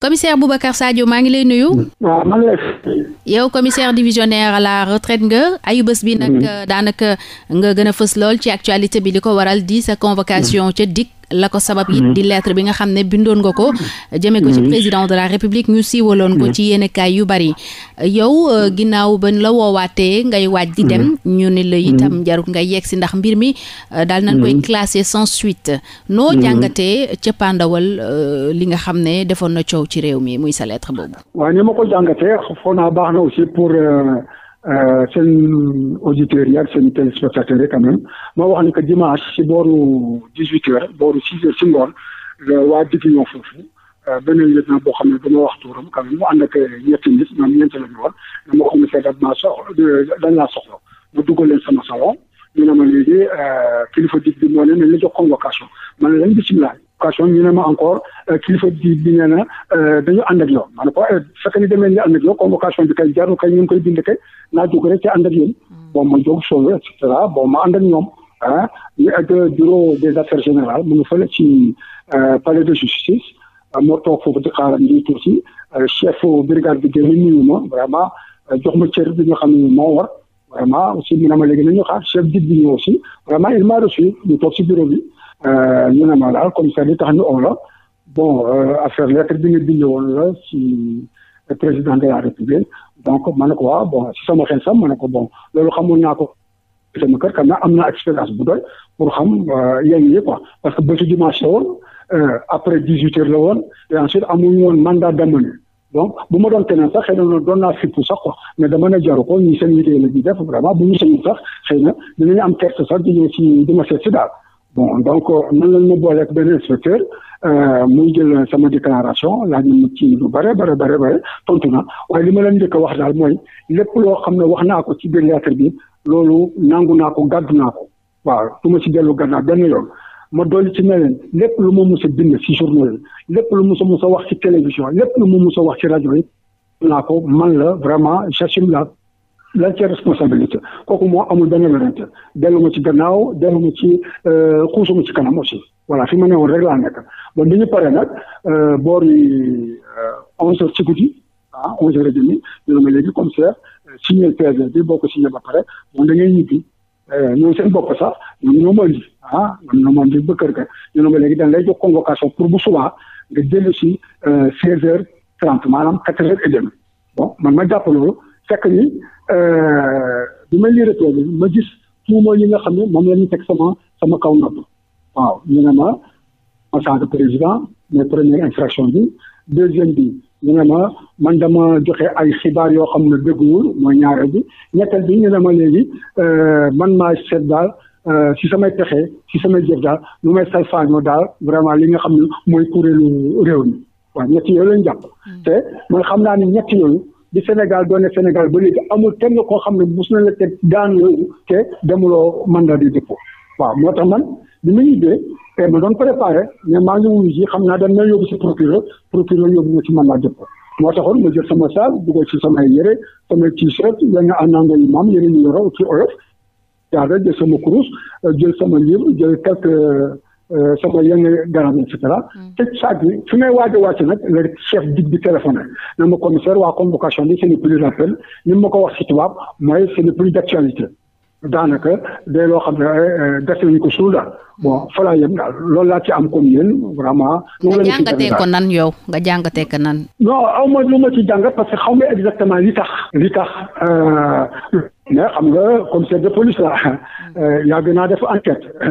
commissaire Boubacar Sadio maa ngi lay nuyu. yow commissaire divisionnaire à la retraite nga ayubés bi nag mm-hmm. daanaka nga gën a fës lool ci actualité bi li ko waral di sa convocation ca DIC la ko sabab it mm-hmm. di lettre bi nga xam ne bindoon nga ko jëmee ko ci mm-hmm. président de la république ñu siiwaloon ko mm-hmm. ci yéenekaay yu bari yow euh, ginnaaw bañ la woowaatee ngay waaj di dem ñu ne la itam jarut ngay yegg si ndax mbir mi euh, daal nañ koy classé sans suite noo jàngatee cëppaandawal euh, li nga xam ne defoon na coow ci réew mi muy sa lettre boobu waaw ni ma ko jàngatee foog naa baax na aussi pour Euh, seen auditeurs yi ak seen téléspectateurs yi quand même ma wax ni que dimanche si booru dix huit heures booru six heures si ngoon waa digg ñoo foofu beneen yëg naa boo xam ne dama wax tuuram quand même mu ànd ak ñetti nit ñoom ñeent la ñu woon dama wax ne que dañ maa soxla dañ laa soxla ma dugal leen sama salon ñu ne ma léegi euh, kilifa dig bi moo ne nañ la jox convocation ma ne leen bisimilah convocation ñu ne ma encore euh, kilifa dig bi nee na euh, dañu ànd ak yow ma ne ko eh, fekk ni demee ñu ànd ak yow convocation bi kay jarul kay ñu ngi koy bind kay naa jóg rek ci ànd ak yéen hmm. bon ma jóg solo ñoom ah ñu des affaires générales mu ngi fële ci palais de justice ah, moo toog foofu di xaaral njiy tuuti chef brigade bi de nuyu ma vraiment jox ma cër bi nga xam ne moo war vraiment aussi mu ne ma léegi nañu xaar chef DIC bi ñu aussi vraiment il m'a reçu ñu toog si bureau bi euh, ñu ne ma daal commissaire bi tax ñu oo la bon euh, affaire lettre bi nga bindee woon la si président de la république donc ma ne ko waaw bon si sama xel sa ma ne ko bon loolu xam xamul naa ko sama kër quand am na expérience bu doy pour xam euh, yéen yi quoi parce que bésu dimanche la woon après dix huit la woon et ensuite amuñu woon mandat d'amener donc bu ma doon keneen sax xëy na doon naa fippu sax quoi mais dama ne jaru ko ñi seen liggéey la ñuy def vraiment bu ñu sañu sax xëy na dinañu am kersa sax di ñëw si di ma seet si daal bon donc man euh, lañ ma booleek ak benn inspecteur euh, muy jël sama déclaration laaj nañu ci lu bare bare bare bare tontu na waaye li ma leen njëkk a wax daal mooy lépp loo xam ne wax naa ko ci biir lettre bi loolu nàngu naa ko gàddu naa ko waaw du ma si dellu gànnaaw benn yoon. ma dolli ci ne lépp lu ma mës a bind ci journal lépp lu mës a mës a wax ci télévision lépp lu ma mu a wax ci rajo yi naa ko man la vraiment j'assume la lan ci responsabilité kooku moo amul benn werante dellu ma ci gannaaw dellu ma ci euh, xuusuma ci kanam aussi voilà fi ma ne woon rek laa nekk bon bi ñu paree nag euh, boor yi euh, onze heures ci guddi ah onze heures et demi ñu ne ma léegi commissaire signé PV bi boo ko signé ba pare moom da ngay ñibbi Eh, ñoom seen bopp sax ñoom ñoo ma andi ah ñoom ñoo ma andi ba kër ga ñu ne ma léegi dañ lay jox convocation pour bu subaa nga dellu si euh, seize heures trente maanaam quatre heures et demie bon man ma jàpp loolu fekk ni euh, bi ma liire tool bi ma gis tuuma yi nga xam ne moom la ñu teg sama sama kaw nopp waaw ñu ne ma ma saaga président mais première infraction bi deuxième bi. ñu ne ma man dama joxe ay xibaar yoo xam ne dëgguwul mooy ñaareel bi ñetteel bi ñu ne ma léegi euh, man maa seet daal euh, si samay pexe si samay jëf daal lu may salfaañoo daal vraiment li nga xam ne mooy kuréelu réew mi waaw ñetti yooyu lañ jàpp mm. te man xam naa ni ñetti yooyu di Sénégal doone Sénégal ba léegi amul kenn koo xam ne mos na la te daan yooyu te demuloo mandat de dépôt waaw moo tax man bi ma ñibbee te ma doon préparé mais maa ngi wuyu ji xam naa dañ ma yóbbu si procureur procureur yóbbu ma si moo taxoon ma jël sama saal dugal ci samay yére samay t-shirt yenn àndandoo yi maam yére yu yoro ci oyof daal rek jël sama kurus jël sama livre jël quelques euh, sama yenn garab et cetera mm. te saag bi fi may waaj a wàcc nag le chef dig bi téléphoné na ma commissaire waa convocation bi ce plus rappel ni ma ko wax si tubaab mooy ce plus d'actualité daanaka day loo xam ne eh, eh, dese nañu ko suul daal bon fa laa yem loolu laa ci am comme yéen vraiment. ñu ngi leen di jàngatee ko nan yow nga jàngatee ko nan. non aw ma lu ma ci jàngat parce que xam ma exactement li tax. li tax euh, mais xam nga commissaire de police la euh, yàgg naa def enquête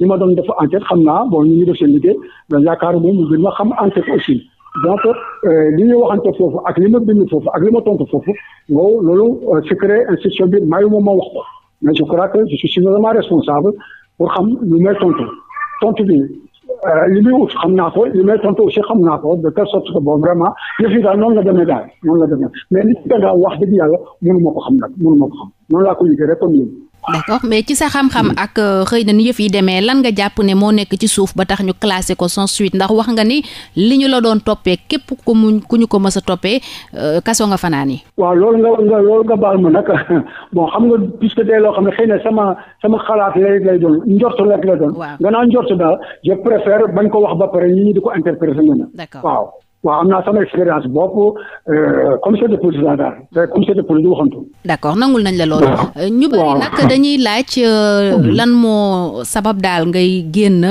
ñi ma doon def enquête xam naa bon ñu ngi def seen liggéey mais yaakaar moom mu gën ma xam enquête aussi. donc euh, li ñuy waxante foofu ak li ma bind foofu ak li ma tontu foofu wow loolu secret institution bi mayu moom ma wax ko. E mais je crois que je suis suffisamment responsable pour xam lu may tontu tontu bi li eh, muy ut xam naa ko li may tontu aussi xam naa ko de telle sorte que bon vraiment yëf yi daal la demee daal noonu la demee mais nit ki da ngaa wax dëgg yàlla mënu ma ko xam nag mënu ma ko xam noonu laa ko liggéey rek d'accord mais ci sa xam-xam ak euh, xëy na nu yëf yi demee lan nga jàpp ne moo nekk ci suuf ba tax ñu classé ko sans suite ndax wax nga ni li ñu la doon toppee képp ku mu ku ñu ko mës a toppee euh, kaso nga fanaan yi waaw loolu nga loolu nga baal ma nag bon xam nga puisque tey loo xam ne xëy na sama sama xalaat lay lay doon njort rek doon. nga naa njort daal je préfère bañ ko wax ba pare ñi ñi di ko interpréter na. d'accord waaw waaw am naa sama expérience bopp euh, comme de police laa daal te commissaire de police du waxantu. d'accord nangul nañ la loolu. Euh, ñu bari nag dañuy laaj euh, mm-hmm. lan moo sabab daal ngay génn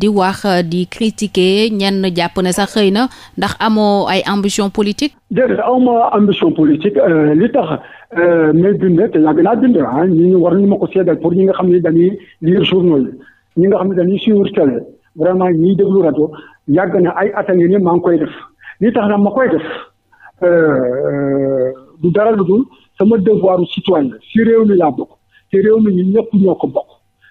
di wax di critiquer ñenn jàpp ne sax xëy na ndax amoo ay ambition politique. déedéet awma ambition politique li tax may bind te yàgg naa bind ah ñi ñu war nañu ma ko seedal pour ñi nga xam ne dañuy lire journaux yi ñi nga xam ne dañuy suivre télé vraiment ñiy déglu rajo yàgg na ay at a ngi nii maa ngi koy def. li tax nag ma koy def euh, euh, du dara lu dul sama devoiru citoyen la si réew mi laa bokk te réew mi ñun ñëpp ñoo ko bokk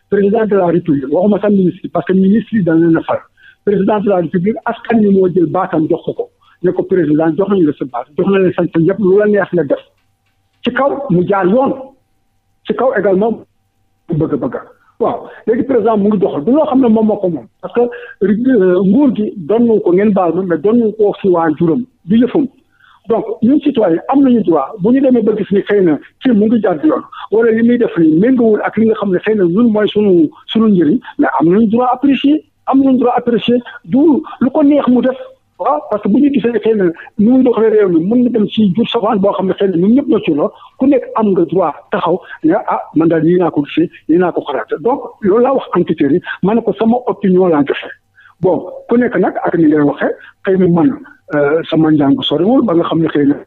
président de la république waxuma sax ministre parce que ministre yi dañ leen a far président de la république askan ñi moo jël baatam jox ko ko ne ko président jox nañu la sa baat jox na leen sant yëpp lu la neex nga def ci kaw mu jaar yoon ci kaw également mu bëgg a bëgg waaw léegi président mu ngi doxal du loo xam ne moom moo ko moom parce que euh, nguur gi donnu ko ngeen baal ma mais donnu ko si waa juróom di yëfam donc ñun citoyen am nañu droit bu ñu demee ba gis ni xëy na kii mu ngi jaar yoon wala li muy def nii méngoowul ak li nga xam ne xëy na ñun mooy sunu sunu njëriñ mais am nañu droit apprécier am nañu droit apprécier du lu ko neex mu def waaw parce que bu ñu gisee xëy na nu muy doxalee réew mi mën na dem si jur safaan boo xam ne xëy na ñun ñëpp na ci ku nekk am nga droit taxaw ne ah man daal lii naa ko gisee lii naa ko xalaat donc loolu laa wax enquêteurs yi ma ne ko sama opinion laa joxe bon ku nekk nag ak ni ngay waxee xëy na man euh, sama njàng soriwul ba nga xam ne xëy na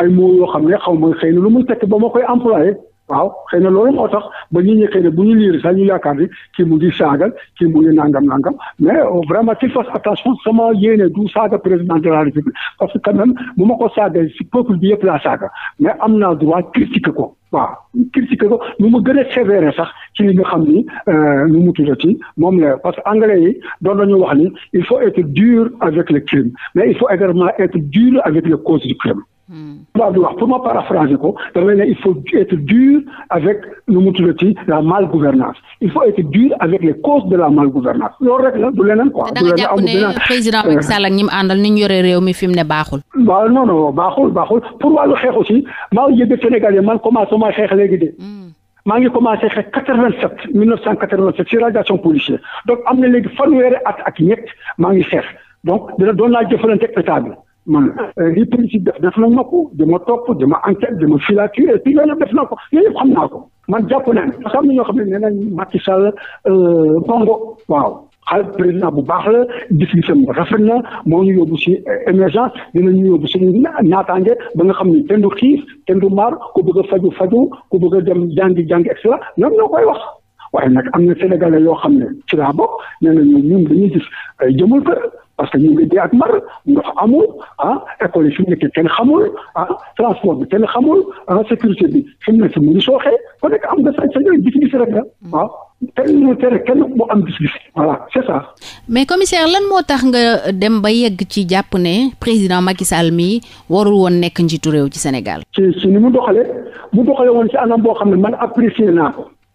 ay mots yoo xam ne xaw ma xëy na lu muy tekk ba ma koy employé waaw xëy na loolu moo tax ba nit ñi xëy na bu ñu liir sax ñu yaakaar ni kii mu ngi saagal kii mu ngi nangam nangam mais euh, vraiment qu'il fasse attention sama yéene du saaga président de la république parce que quand bu ma ko saagal si peuple bi yëpp laa saaga mais am naa droit critiquer ko waaw critiquer ko nu mu gën a sévère sax ci li nga xam ni euh, nu mu tuddati moom la parce que anglais yi doon nañu wax ni il faut être dur avec le crime mais il faut également tubaab bi wax pour ma paraphraser ko damay ne il faut être dur avec nu mu tuddati la malgouvernance il faut être dur avec les causes de la malgouvernance loolu rek la du leneen quoi. du leneen amul beneen da nga jàpp ne président Macky Sall ak ñi mu àndal ni ñu yore réew mi fi mu ne baaxul. waaw non non baaxul baaxul pour wàllu xeex aussi maa ngi yëg Sénégalais man commencé ma xeex léegi de. Hmm. maa ngi commencé xeex 87 1987 ci radiation policière donc am na léegi fanweeri at ak ñett maa ngi xeex donc dina doon naa jëfalante ak état bi. man euh, li politique def na nañ ma ko dama topp dema enquête dama filature et puis yooyu def na ko yooyu xam naa ko man jàpp naa ne parce que ñoo xam ne nee nañ Macky Sall euh, bongo waaw xal président bu baax la gis-gisam rafet na moo ñu yóbbu si émergence dina ñu yóbbu si naataange ba nga xam ni kenn du xiis kenn du maar ku bëgg a faju faju ku bëgg dem jàngi jàngi et cetera ñoom ñoo koy wax waaye nag am na sénégalais yoo xam ne si laa bokk nee nañu ñun dañuy gis ay jëmul kër parce que ñu ngi dee ak mar ndox amul ah, école yi fi mu nekk xamul ah transport bi kenn xamul ah, sécurité bi fi mu mu ngi sooxee ku nekk am nga sañ-sañ gis-gis rek la ah, waaw kenn mu tere kenn mu am gis-gis voilà c'est ça. mais commissaire lan moo tax nga dem ba yegg ci jàpp ne président Macky Sall mi warul woon nekk njiitu réew ci Sénégal. ci ci ni mu doxalee mu doxalee woon ci anam boo xam ne man apprécier naa ko.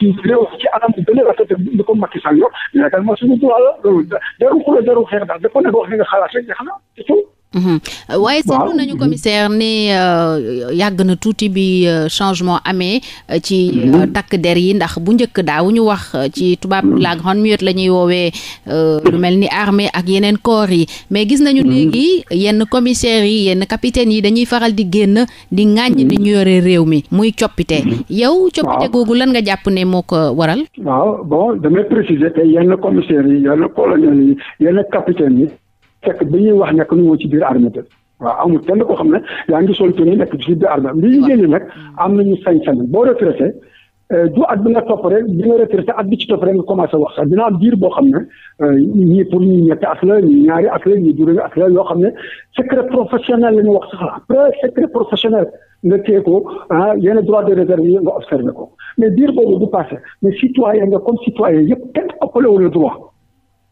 ci réew ci anam bu gën a rafet bi ko Macky Sall yor mais également suñu droit la loolu jarul xuloo jarul xeex daal dafa nekk wax li nga xalaat rek jeex na Mhm. waaye seetlu nañu commissaire ne euh, yàgg na tuuti bi euh, changement amee euh, ci mhm. takk der yi ndax bu njëkk ñu wax ci tubaab mhm. la grande muette la ñuy woowee lu mel ni armée ak yeneen corps yi mais gis nañu léegi yenn commissaires yi yenn capitaines yi dañuy faral di génn di ŋàññ di ñu yore réew mi muy coppite yow coppite googu lan nga jàpp ne moo ko waral waaw yenn commissaires yi yenn colonels yi yenn capitaines yi fekk ba ñuy wax nekk ñu moo ci biir armée bi waaw koo xam ne yaa ngi sol tenue nekk ci biir armée bi li jigéen ñi nag am nañu sañ euh, du at bi bi nga retraité at bi ci topp rek nga commencé wax sax bi am diir boo xam ne euh, ñii pour ñu ñetti at la ñaari at la ñii juróomi yoo xam ne secret professionnel la ñu wax sax après secret professionnel nga téye ko ah, droit de réserve yi nga observé ko mais diir boobu du passé mais citoyen nga comme citoyen yëpp kenn ëppalewul droit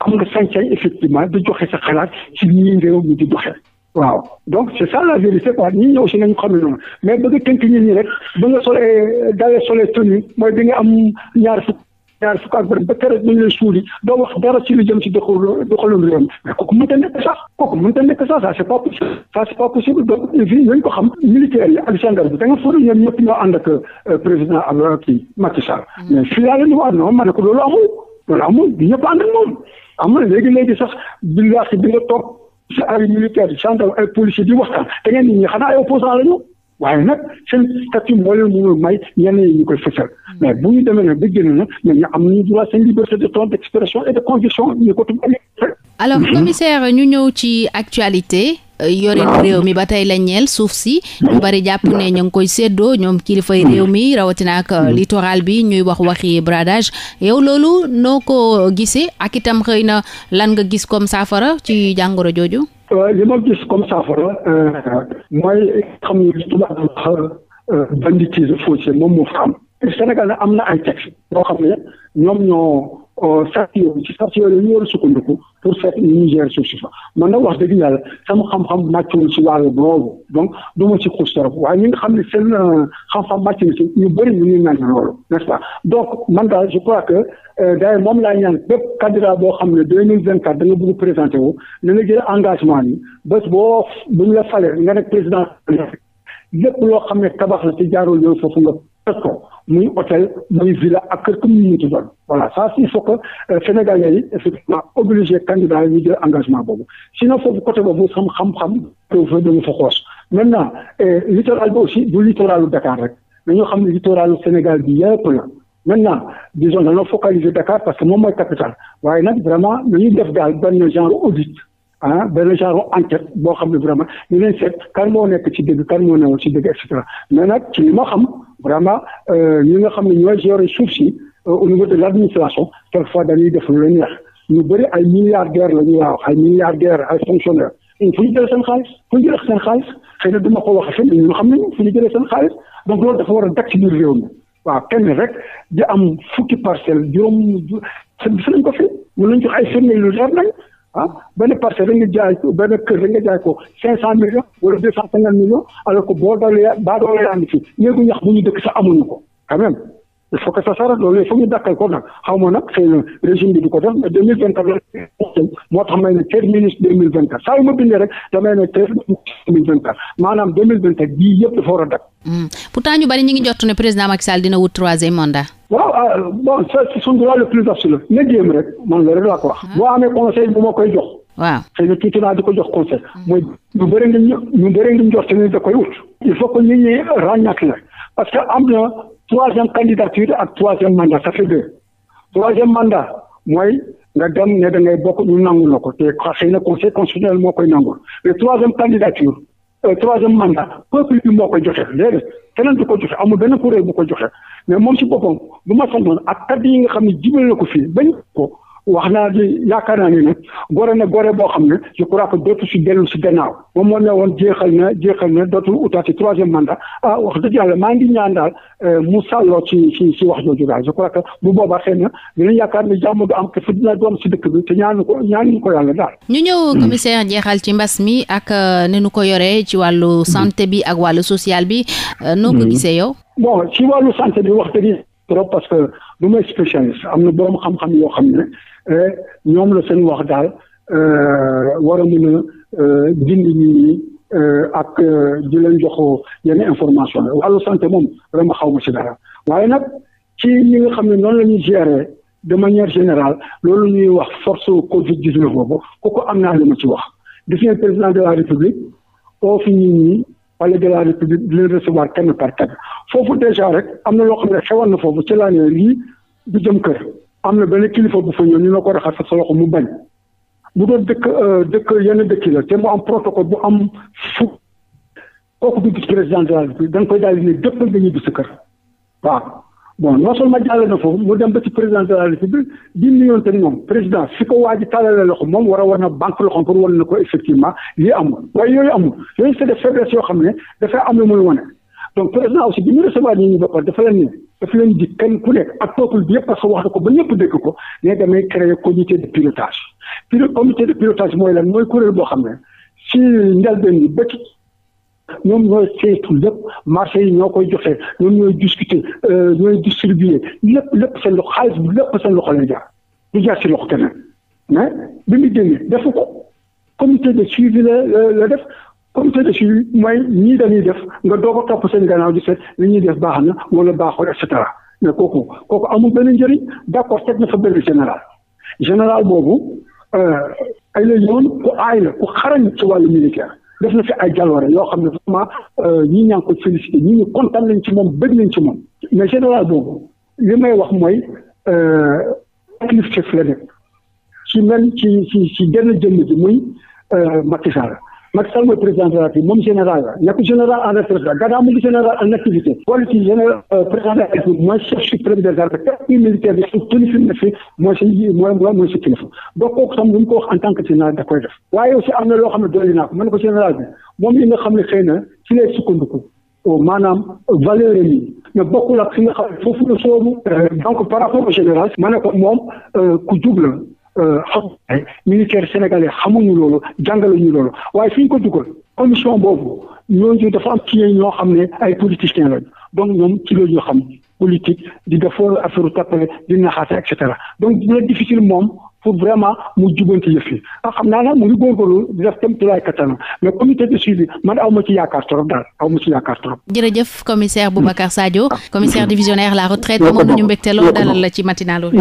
am nga sañ-sañ effectivement di joxe sa xalaat ci nii réew mi di doxee waaw donc c' est ça la vérité quoi ñi ñëw si nañu xam ne noonu mais bëgg tënk nit ñi rek ba nga solee dalee solee tenue mooy bi nga am ñaar fukk ñaar fukk ak ba keroog ñu lay suuli doo wax dara ci lu jëm ci doxalu doxalum réew mi mais ko xam militaire yi ak bi da nga foog ñoom ñëpp ñoo ànd ak euh, président ak kii Macky Sall mm. mais fii laa ma ne ko loolu amul loolu amul ñëpp ànd ak moom xam nga léegi léegi sax billahi bi nga toog si ay militaire gendarme ay policier di waxtaan da ngeen nit ñi xanaa ay opposant la ñu waaye nag seen statut moo leen mënul may ñenn yi ñu koy fësal mais bu ñu demee nag ba génn nag mais ñu am nañu droit seen liberté de ton d' expression et de conviction ñu ko tudd alors commissaire ñu ñëw ci actualité. yorin réew mi ba tey la ñeel suuf si ñu jàpp ne ñu ngi koy séddoo ñoom kilifay réew mi rawatina ak mm-hmm. littoral bi ñuy wax waxi bradage yow loolu noo ko gisee ak itam xëy na lan nga gis comme saafara ci jàngoro jooju li ma gis comme saafara euh, mooy xam li euh, am na ay texte yoo xam ne ñoom ñoo Euh, sart yooyu ci sart yooyu la ñu war a sukkandiku pour seet ni ñuy gérer suuf man na wax dëgg yàlla sama xam-xam màccul ci wàllu boobu donc du ma ci xuus trop waaye ñi nga xam ne seen euh, xam-xam màcc na ci ñu bëri ñu ngi naan loolu n'est-ce pas man daal je crois que euh, d'ailleurs moom laa ñaan bépp candidat boo xam ne deux mille vingt quatre da nga bëgg présenter wu na nga jël engagement ni bés boo bu ñu la falee nga nekk président lépp loo xam ne tabax la ci jaarul yoon foofu nga toj ko muy hôtel muy villa ak kër comme ni ñu doon voilà ça il faut que euh, Sénégalais yi effectivement obligé candidat yi ñu jël engagement boobu sinon foofu côté boobu xam xam-xam dafa dañu fa xoos maintenant euh, littoral bi aussi du littoralu Dakar rek dañoo xam ne Sénégal bi yëpp la maintenant disons dañoo focaliser Dakar parce que moom mooy capital waaye nag vraiment dañuy def daal benn genre audit ah benn genre enquête boo xam ne vraiment ñu ne seet kan moo nekk ci dëgg kan moo newul ci dëgg et cetera mais nag ci li ma xam vraiment euh, ñi nga xam ne ñooy gérer suuf si euh, au niveau de l' administration quelquefois dañuy def lu leen neex ñu bëri ay milliardaires la ñuy waaw ay milliardaires ay fonctionnaires fu ñu jëlee seen xaalis fu ñu jëlee seen xaalis xëy na duma ko wax xam nañu fu ñu jëlee seen xaalis donc loolu dafa war a dakk ci biir réew mi waaw kenn rek di am fukki parcelle juróom seen lañ ko fi mën nañu jox ay firnde yu leer nañ ah benn parcelle rek nga jaay ko benn kër rek nga jaay cent cent cinquante millions alors que boo doolee baa doolee yaa ngi fi léegi ñax bu ñu dëkk sax amuñu ko quand même il faut que ça loolu il ñu dakkal ko nag xaw ma nag xëy na régime bi du ko def moo tax may ne treize minutes deux mille vingt quatre saa yu ma bindee rek damay ne treize minutes mille vingt quatre maanaam deux mille vingt quatre bii yëpp dafa war a dakk hmm. pourtant ñu bari ñu ngi jot ne président Macky Sall dina wut waaw ah bon sa suñu droit le plus absolu na jéem rek man la rek laa ko wax. Ah. boo amee conseil bu ma koy jox. waaw xëy na naa di ko jox conseil. Ah. mooy ñu bëri nga ñu bëri nga jox tamit da koy wut. il faut que nit ñi ràññaat la parce que am na troisième candidature ak troisième mandat ça fait deux troisième mandat mooy nga dem ne da ngay bokk ñu nangu la ko te xëy na conseil constitutionnel moo koy nangu le troisième trois euh, troisième mandat peuple bi moo ko joxe léegi keneen du ko joxe amul benn kuréel bu ko joxe mais moom si boppam bu ma sañoon ak kaddu yi nga xam ne jibal na ko fii bañ ko wax naa di yaakaar naa ni nag gore na gore boo xam ne je crois que dootu si dellu si gannaaw moom moo ne woon jeexal na jeexal na dootul utaati troisième mandat ah wax dëgg yàlla maa ngi ñaan daal euh, mu sàlloo ci ci ci wax jooju daal je crois bu boobaa xëy na dinañ yaakaar ne jàmm du am te doom si dëkk bi te ñaanu ko ñaanuñu ko yàlla daal. ñu ñëw commissaire jeexal ci mbas mi ak euh, ni nu ko yoree ci wàllu santé bi ak wàllu social bi. Euh, noo ko mm-hmm. gisee yow. bon ci wàllu santé bi wax dëgg trop parce que du may spécialiste am na borom xam yoo xam ne. Eh, ñoom la seen wax daal eh, war a mën a eh, dindi nit ñi ak di leen jox yenn information la wàllu santé moom vraiment xaw ma ci dara waaye nag ci ñi nga xam ne noonu la ñuy gérer de manière générale loolu ñuy wax force Covid 19 boobu kooku am naa li ma ci wax gis ngeen président de la république oo fi nit ñi palais de la république di leen recevoir kenn par kenn foofu déjà rek am na loo xam ne xewal na foofu ci laa ne lii du jëm kër. am na benn kilifa bu fa ñëw ñu ne ko raxasal sa loxo mu bañ bu doon dëkk euh, dëkk yenn dëkki la te mu am protocole bu am fu kooku du gis président de la République dañ koy daal di ne dëppal nga ñibbi sa kër waaw bon non seulement jàll na foofu mu dem ba ci président de la République moom président fi ko waa ji tàllale loxo moom war a war na banque loxo pour wan na ko effectivement lii amul waaye yooyu amul yooyu c'est des yoo xam ne dafay am lu muy wane donc président aussi bi ñu recevoir ñi ñu ba pare dafa leen ni dafa leen di kenn ku nekk ak peuple bi yëpp parce que wax na ko ba ñëpp dégg ko ne damay créer comité de pilotage pilo comité de pilotage mooy lan mooy kuréel boo xam ne si njëlbeen yi bëcc ñoom ñooy saytu lépp marché yi ñoo koy joxe ñoom ñooy discuter euh, ñooy distribuer lépp lépp seen loxo xaalis bi lépp seen loxo lay jaar du jaar si loxo keneen mais bi mu génnee defu ko comité de suivi la la def comme que mooy ñii dañuy def nga doog a topp seen gannaaw di seet li ñuy def baax na wala baaxul et cetera mais kooku kooku amul benn njëriñ d' accord teg na fa benn général général boobu euh, ay la yoon ku aay la ku xarañ ci wàllu militaire def na fi ay jaloore yoo xam ne ma euh, ñii ñaa ngi koy félicité ñii ñu kontaan lañ ci moom bëgg nañ ci moom mais général boobu li may wax mooy kilifteef euh, la ci mel ci ci ci genn jën ji muy Macky Macky Sall mooy président de la République moom général la nekk général en retraite la Gada mu ngi général en activité wala ci général euh, président de la République mooy chef suprême des armées i militaire bi su tëni fi mu ne fi mooy sa mooy mooy mooy sa kilifa donc kooku tam lu mu ko wax en tant que général da koy def waaye aussi am na loo xam ne dooli naa ko mën ko général bi moom li nga xam ne xëy na ci lay sukkandiku maanaam valeur yi mais bokkul ak fi nga xam ne foofu la soobu euh, donc par rapport au général ma ne ko moom euh, ku jub la Euh, xam militaire sénégalais xamuñu loolu jàngaluñu loolu waaye fi ñu ko dugal commission boobu ñooñu dafa am ci ñoo xam ne ay politiciens lañ donc ñoom ci loolu ñu xam politique di def affaire tappale di naxaate et cetera donc dina difficile moom pour vraiment mu jubanti yëf yi ah xam naa nag mu ngi góorgóorlu di def tam tilaay kattanam mais comité de suivi man aw ma ci yaakaar trop daal aw ma ci yaakaar trop. jërëjëf commissaire Boubacar Sadio. Ah. commissaire divisionnaire la retraite. ñoo ko bokk amoon nañu dalal la ci matinalu.